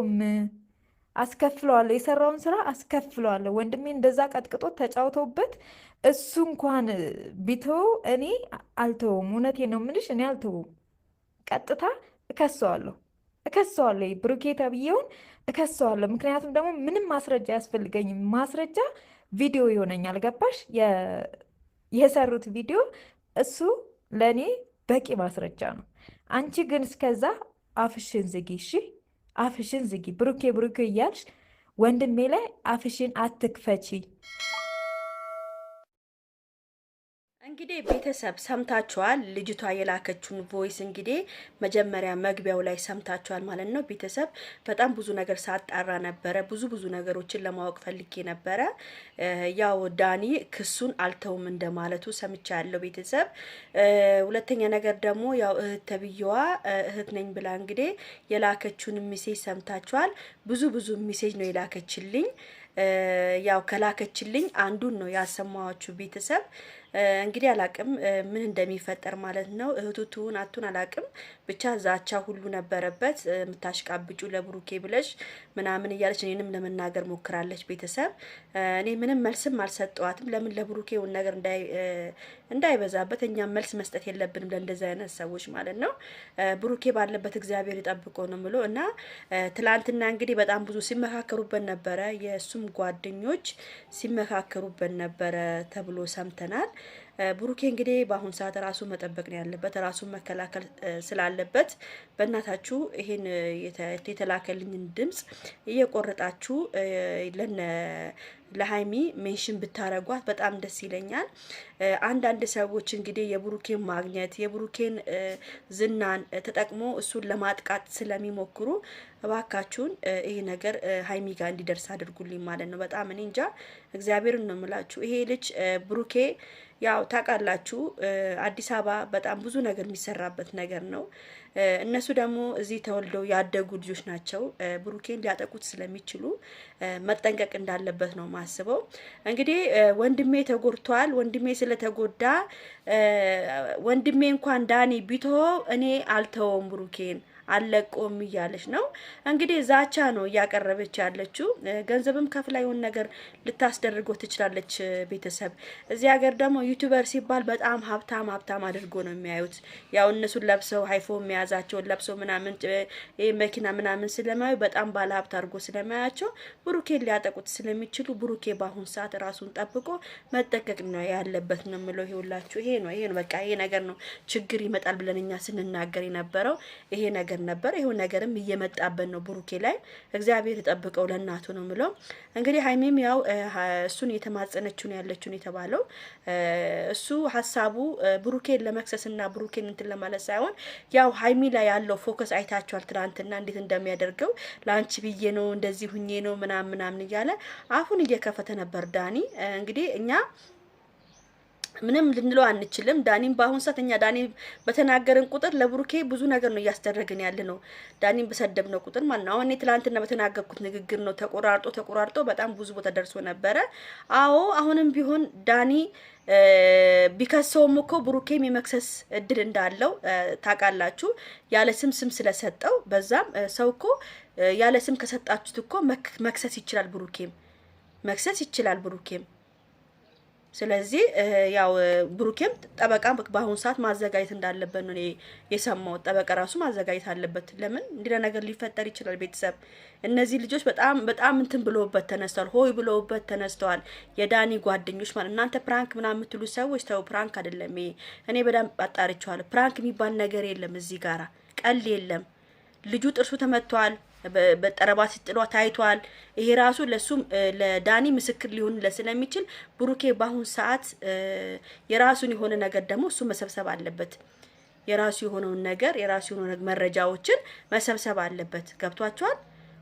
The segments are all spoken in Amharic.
አልተወውም፣ አስከፍለዋለሁ፣ የሰራውን ስራ አስከፍለዋለሁ። ወንድሜ እንደዛ ቀጥቅጦት ተጫውተውበት እሱ እንኳን ቢተው እኔ አልተውም እውነቴ ነው የምልሽ፣ እኔ አልተውም ቀጥታ እከሰዋለሁ እከሰዋለሁ ብሩኬ ተብዬውን እከሰዋለሁ። ምክንያቱም ደግሞ ምንም ማስረጃ አያስፈልገኝም። ማስረጃ ቪዲዮ ይሆነኛል። ገባሽ? የሰሩት ቪዲዮ እሱ ለእኔ በቂ ማስረጃ ነው። አንቺ ግን እስከዛ አፍሽን ዝጊ እሺ። አፍሽን ዝጊ ብሩኬ ብሩኬ እያልሽ ወንድሜ ላይ አፍሽን አትክፈቺ። እንግዲህ ቤተሰብ ሰምታችኋል። ልጅቷ የላከችውን ቮይስ እንግዲህ መጀመሪያ መግቢያው ላይ ሰምታችኋል ማለት ነው። ቤተሰብ በጣም ብዙ ነገር ሳጣራ ነበረ። ብዙ ብዙ ነገሮችን ለማወቅ ፈልጌ ነበረ። ያው ዳኒ ክሱን አልተውም እንደማለቱ ሰምቻ ያለው ቤተሰብ። ሁለተኛ ነገር ደግሞ ያው እህት ተብዬዋ እህት ነኝ ብላ እንግዲህ የላከችውን ሚሴጅ ሰምታችኋል። ብዙ ብዙ ሚሴጅ ነው የላከችልኝ ያው ከላከችልኝ አንዱን ነው ያሰማኋችሁ። ቤተሰብ እንግዲህ አላቅም ምን እንደሚፈጠር ማለት ነው። እህቱ ትሁን አቱን አላቅም፣ ብቻ ዛቻ ሁሉ ነበረበት። የምታሽቃብጩ ለብሩኬ ብለሽ ምናምን እያለች እኔንም ለመናገር ሞክራለች። ቤተሰብ እኔ ምንም መልስም አልሰጠዋትም። ለምን ለብሩኬውን ውን ነገር እንዳይበዛበት እኛም መልስ መስጠት የለብንም ለእንደዚ አይነት ሰዎች ማለት ነው። ብሩኬ ባለበት እግዚአብሔር ይጠብቆ ነው ምሎ እና ትላንትና እንግዲህ በጣም ብዙ ሲመካከሩበት ነበረ የእሱ የእሱም ጓደኞች ሲመካከሩበት ነበረ ተብሎ ሰምተናል። ብሩኬ እንግዲህ በአሁን ሰዓት ራሱ መጠበቅ ነው ያለበት፣ ራሱን መከላከል ስላለበት በእናታችሁ ይሄን የተላከልኝን ድምጽ እየቆረጣችሁ ለነ ለሀይሚ ሜንሽን ብታረጓት በጣም ደስ ይለኛል። አንዳንድ ሰዎች እንግዲህ የብሩኬን ማግኘት የብሩኬን ዝናን ተጠቅሞ እሱን ለማጥቃት ስለሚሞክሩ እባካችሁን ይሄ ነገር ሀይሚ ጋር እንዲደርስ አድርጉልኝ ማለት ነው። በጣም እኔ እንጃ እግዚአብሔርን ነው የምላችሁ። ይሄ ልጅ ብሩኬ ያው ታውቃላችሁ፣ አዲስ አበባ በጣም ብዙ ነገር የሚሰራበት ነገር ነው። እነሱ ደግሞ እዚህ ተወልደው ያደጉ ልጆች ናቸው። ብሩኬን ሊያጠቁት ስለሚችሉ መጠንቀቅ እንዳለበት ነው የማስበው። እንግዲህ ወንድሜ ተጎድቷል። ወንድሜ ስለተጎዳ ወንድሜ እንኳን ዳኒ ቢተወው እኔ አልተወም ብሩኬን አለቆም እያለች ነው እንግዲህ ዛቻ ነው እያቀረበች ያለችው። ገንዘብም ከፍላ የሆን ነገር ልታስደርጎ ትችላለች። ቤተሰብ እዚህ ሀገር ደግሞ ዩቱበር ሲባል በጣም ሀብታም ሀብታም አድርጎ ነው የሚያዩት። ያው እነሱን ለብሰው ሀይፎ የያዛቸውን ለብሰው ምናምን መኪና ምናምን ስለማዩ በጣም ባለ ሀብት አድርጎ ስለማያቸው ብሩኬን ሊያጠቁት ስለሚችሉ ብሩኬ በአሁን ሰዓት ራሱን ጠብቆ መጠቀቅ ነው ያለበት ነው የምለው። ይሁላችሁ ይሄ ነው ይሄ ነው በቃ ይሄ ነገር ነው ችግር ይመጣል ብለን እኛ ስንናገር የነበረው ይሄ ነገር ነበር። ይሄው ነገርም እየመጣበት ነው ብሩኬ ላይ። እግዚአብሔር ጠብቀው ለእናቱ ነው የምለው። እንግዲህ ሀይሚም ያው እሱን የተማጸነችው ነው ያለችው የተባለው እሱ ሀሳቡ ብሩኬን ለመክሰስና ብሩኬን እንትን ለማለት ሳይሆን ያው ሀይሚ ላይ ያለው ፎከስ አይታችኋል። ትናንትና እንዴት እንደሚያደርገው ለአንቺ ብዬ ነው እንደዚህ ሁኜ ነው ምናምን ምናምን እያለ አፉን እየ እየከፈተ ነበር ዳኒ። እንግዲህ እኛ ምንም ልንለው አንችልም። ዳኒም በአሁን ሰዓት እኛ ዳኒ በተናገርን ቁጥር ለብሩኬ ብዙ ነገር ነው እያስደረግን ያለ ነው። ዳኒም ነው ቁጥር ማለት ነው። አሁን እኔ ትላንትና በተናገርኩት ንግግር ነው ተቆራርጦ ተቆራርጦ በጣም ብዙ ቦታ ደርሶ ነበረ። አዎ አሁንም ቢሆን ዳኒ ቢከሰውም እኮ ብሩኬም የመክሰስ እድል እንዳለው ታውቃላችሁ። ያለ ስም ስም ስለሰጠው በዛም ሰው እኮ ያለ ስም ከሰጣችሁት እኮ መክሰስ ይችላል ብሩኬም መክሰስ ይችላል ብሩኬም። ስለዚህ ያው ብሩኬም ጠበቃ በአሁኑ ሰዓት ማዘጋጀት እንዳለበት ነው የሰማው። ጠበቃ ራሱ ማዘጋጀት አለበት። ለምን እንዲህ ነገር ሊፈጠር ይችላል። ቤተሰብ እነዚህ ልጆች በጣም በጣም እንትን ብለውበት ተነስተዋል። ሆይ ብለውበት ተነስተዋል። የዳኒ ጓደኞች ማለት እናንተ ፕራንክ ምናምን የምትሉ ሰዎች ተው፣ ፕራንክ አይደለም ይሄ። እኔ በደንብ አጣርቼዋለሁ። ፕራንክ የሚባል ነገር የለም እዚህ ጋራ ቀል የለም። ልጁ ጥርሱ ተመቷል። በጠረባ ሲጥሏ ታይቷል። ይሄ ራሱ ለሱም ለዳኒ ምስክር ሊሆንለት ስለሚችል ብሩኬ በአሁን ሰዓት የራሱን የሆነ ነገር ደግሞ እሱ መሰብሰብ አለበት። የራሱ የሆነውን ነገር የራሱ የሆነ መረጃዎችን መሰብሰብ አለበት። ገብቷቸዋል።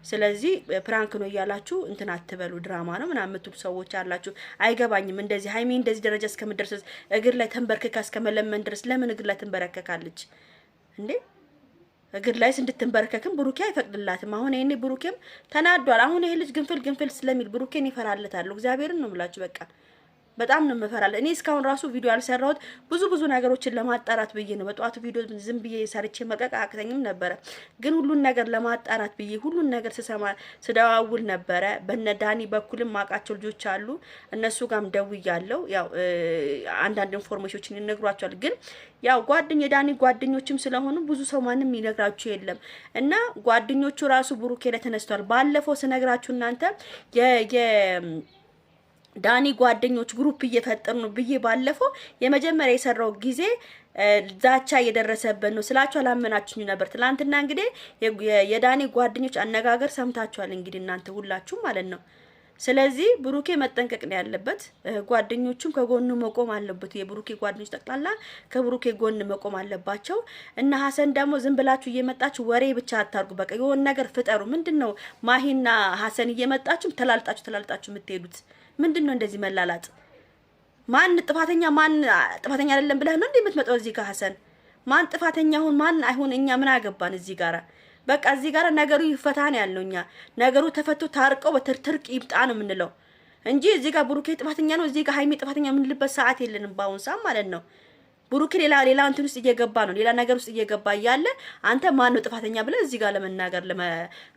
ስለዚህ ፕራንክ ነው እያላችሁ እንትን አትበሉ። ድራማ ነው ምናምን የምትሉ ሰዎች አላችሁ። አይገባኝም። እንደዚህ ሀይሚ እንደዚህ ደረጃ እስከምደርስ እግር ላይ ተንበርክካ እስከመለመን ድረስ ለምን እግር ላይ ትንበረከካለች እንዴ? እግር ላይ እንድትንበረከክም ብሩኬ አይፈቅድላትም። አሁን ይሄኔ ብሩኬም ተናዷል። አሁን ይሄ ልጅ ግንፍል ግንፍል ስለሚል ብሩኬን ይፈራለታሉ። እግዚአብሔርን ነው የምላችሁ በቃ በጣም ነው የምፈራል። እኔ እስካሁን ራሱ ቪዲዮ ያልሰራሁት ብዙ ብዙ ነገሮችን ለማጣራት ብዬ ነው። በጠዋቱ ቪዲዮ ዝም ብዬ ሰርቼ መልቀቅ አቅተኝም ነበረ፣ ግን ሁሉን ነገር ለማጣራት ብዬ ሁሉን ነገር ስሰማ ስደዋውል ነበረ። በነ ዳኒ በኩልም ማውቃቸው ልጆች አሉ፣ እነሱ ጋርም ደውያለሁ። ያው አንዳንድ ኢንፎርሜሽኖችን ይነግሯቸዋል። ግን ያው ጓደኝ የዳኒ ጓደኞችም ስለሆኑ ብዙ ሰው ማንም ይነግራችሁ የለም እና ጓደኞቹ ራሱ ብሩኬ ላይ ተነስቷል። ባለፈው ስነግራችሁ እናንተ የ ዳኒ ጓደኞች ግሩፕ እየፈጠሩ ነው ብዬ ባለፈው የመጀመሪያ የሰራው ጊዜ ዛቻ እየደረሰበት ነው ስላችሁ አላመናችሁኝ ነበር። ትላንትና እንግዲህ የዳኒ ጓደኞች አነጋገር ሰምታችኋል። እንግዲህ እናንተ ሁላችሁ ማለት ነው። ስለዚህ ብሩኬ መጠንቀቅ ነው ያለበት። ጓደኞቹም ከጎኑ መቆም አለበት። የብሩኬ ጓደኞች ጠቅላላ ከብሩኬ ጎን መቆም አለባቸው እና ሀሰን ደግሞ ዝም ብላችሁ እየመጣችሁ ወሬ ብቻ አታርጉ። በቃ የሆነ ነገር ፍጠሩ። ምንድን ነው ማሂና ሀሰን እየመጣችሁ ተላልጣችሁ ተላልጣችሁ የምትሄዱት ምንድን ነው? እንደዚህ መላላጥ ማን ጥፋተኛ ማን ጥፋተኛ አይደለም ብለህ ነው እንዴ የምትመጣው እዚህ ጋር ሀሰን? ማን ጥፋተኛ ሁን ማን አይሁን እኛ ምን አገባን እዚህ ጋራ በቃ እዚህ ጋር ነገሩ ይፈታ ነው ያለው። እኛ ነገሩ ተፈቶ ታርቀው በትርትርቅ ይብጣ ነው የምንለው እንጂ እዚህ ጋር ብሩኬ ጥፋተኛ ነው፣ እዚህ ጋር ሃይሜ ጥፋተኛ የምንልበት ሰዓት የለንም በአሁን ሰዓት ማለት ነው። ብሩኬ ሌላ ሌላ እንትን ውስጥ እየገባ ነው፣ ሌላ ነገር ውስጥ እየገባ እያለ አንተ ማን ነው ጥፋተኛ ብለህ እዚህ ጋር ለመናገር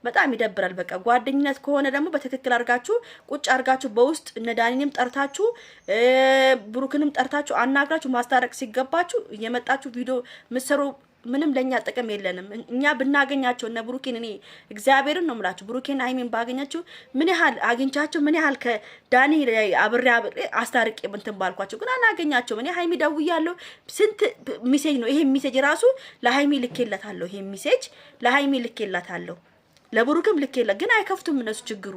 በጣም ይደብራል። በቃ ጓደኝነት ከሆነ ደግሞ በትክክል አድርጋችሁ ቁጭ አድርጋችሁ በውስጥ እነ ዳኒንም ጠርታችሁ ብሩክንም ጠርታችሁ አናግራችሁ ማስታረቅ ሲገባችሁ እየመጣችሁ ቪዲዮ ምሰሩ ምንም ለእኛ ጥቅም የለንም። እኛ ብናገኛቸው እነ ብሩኬን እኔ እግዚአብሔርን ነው ምላቸው። ብሩኬን አይሜን ባገኛቸው ምን ያህል አግኝቻቸው ምን ያህል ከዳኒ አብሬ አብሬ አስታርቄ ምንትን ባልኳቸው፣ ግን አናገኛቸው። እኔ ሀይሚ ደውያለሁ። ስንት ሚሴጅ ነው ይሄ ሚሴጅ ራሱ ለሀይሚ ልኬላታለሁ። ይሄ ሚሴጅ ለሀይሚ ልኬላታለሁ፣ ለብሩክም ልኬለት ግን አይከፍቱም። እነሱ ችግሩ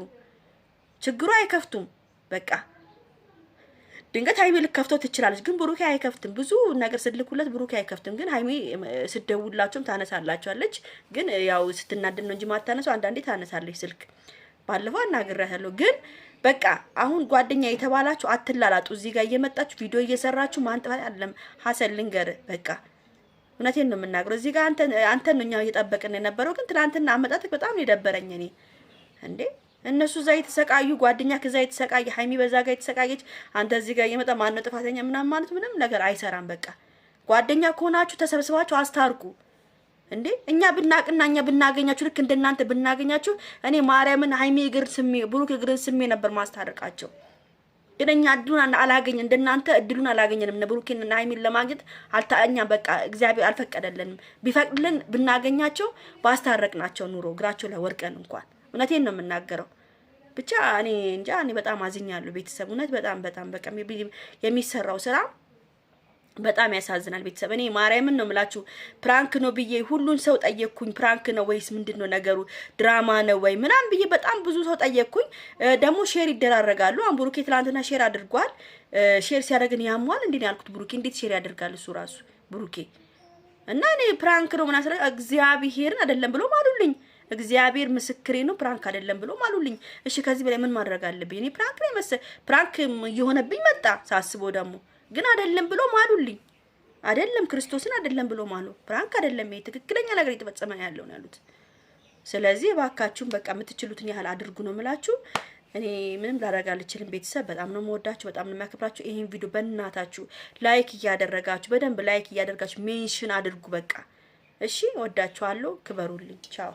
ችግሩ አይከፍቱም በቃ ድንገት ሀይሜ ልከፍተው ትችላለች፣ ግን ብሩኬ አይከፍትም። ብዙ ነገር ስልኩለት ብሩኬ አይከፍትም፣ ግን ሀይሜ ስደውላቸውም ታነሳላቸዋለች። ግን ያው ስትናደድ ነው እንጂ ማታነሰው፣ አንዳንዴ ታነሳለች ስልክ። ባለፈው አናግሬያታለሁ። ግን በቃ አሁን ጓደኛ የተባላችሁ አትላላጡ። እዚህ ጋር እየመጣችሁ ቪዲዮ እየሰራችሁ ማንጥፋት አለም። ሀሰን ልንገር በቃ እውነቴን ነው የምናገረው። እዚህ ጋር አንተን ነው እኛ እየጠበቅን የነበረው፣ ግን ትናንትና አመጣትህ በጣም የደበረኝ እኔ እንዴ እነሱ እዛ የተሰቃዩ ጓደኛ ከዛ የተሰቃየ ሀይሚ በዛ ጋር የተሰቃየች አንተ እዚህ ጋር የመጣ ማን ነው ጥፋተኛ ምናምን ማለት ምንም ነገር አይሰራም። በቃ ጓደኛ ከሆናችሁ ተሰብስባችሁ አስታርቁ። እንዴ እኛ ብናቅና እኛ ብናገኛችሁ ልክ እንደናንተ ብናገኛችሁ እኔ ማርያምን ሀይሚ እግር ስሜ ብሩክ እግርን ስሜ ነበር ማስታርቃቸው ግን እኛ እድሉን አላገኘ እንደናንተ እድሉን አላገኘንም። እነ እና ሀይሚን ለማግኘት አልታኛ በቃ እግዚአብሔር አልፈቀደልንም። ቢፈቅድልን ብናገኛቸው ባስታረቅናቸው ኑሮ እግራቸው ላይ ወርቀን እንኳን እውነቴን ነው የምናገረው። ብቻ እኔ እንጃ እኔ በጣም አዝኛለሁ። ቤተሰብ እውነት በጣም በጣም በቃ የሚሰራው ስራ በጣም ያሳዝናል። ቤተሰብ እኔ ማርያምን ነው የምላችሁ። ፕራንክ ነው ብዬ ሁሉን ሰው ጠየቅኩኝ። ፕራንክ ነው ወይስ ምንድን ነው ነገሩ? ድራማ ነው ወይ ምናምን ብዬ በጣም ብዙ ሰው ጠየቅኩኝ። ደግሞ ሼር ይደራረጋሉ። አሁን ብሩኬ ትላንትና ሼር አድርጓል። ሼር ሲያደርግን ያሟል እንዲ ያልኩት ብሩኬ እንዴት ሼር ያደርጋል እሱ ራሱ ብሩኬ እና እኔ ፕራንክ ነው ምናምን ስለ እግዚአብሔርን አይደለም ብሎ ማሉልኝ እግዚአብሔር ምስክሬ ነው፣ ፕራንክ አይደለም ብሎ ማሉልኝ። እሺ ከዚህ በላይ ምን ማድረግ አለብኝ? እኔ ፕራንክ ላይ መሰ ፕራንክ እየሆነብኝ መጣ። ሳስቦ ደግሞ ግን አይደለም ብሎ ማሉልኝ። አይደለም ክርስቶስን አይደለም ብሎ ማሉ። ፕራንክ አይደለም፣ ይሄ ትክክለኛ ነገር እየተፈጸመ ያለው ነው ያሉት። ስለዚህ እባካችሁን በቃ የምትችሉትን ያህል አድርጉ ነው የምላችሁ። እኔ ምንም ላደርግ አልችልም። ቤተሰብ በጣም ነው የምወዳችሁ፣ በጣም ነው የሚያከብራችሁ። ይህን ቪዲዮ በእናታችሁ ላይክ እያደረጋችሁ በደንብ ላይክ እያደረጋችሁ ሜንሽን አድርጉ። በቃ እሺ፣ ወዳችኋለሁ። ክበሩልኝ። ቻው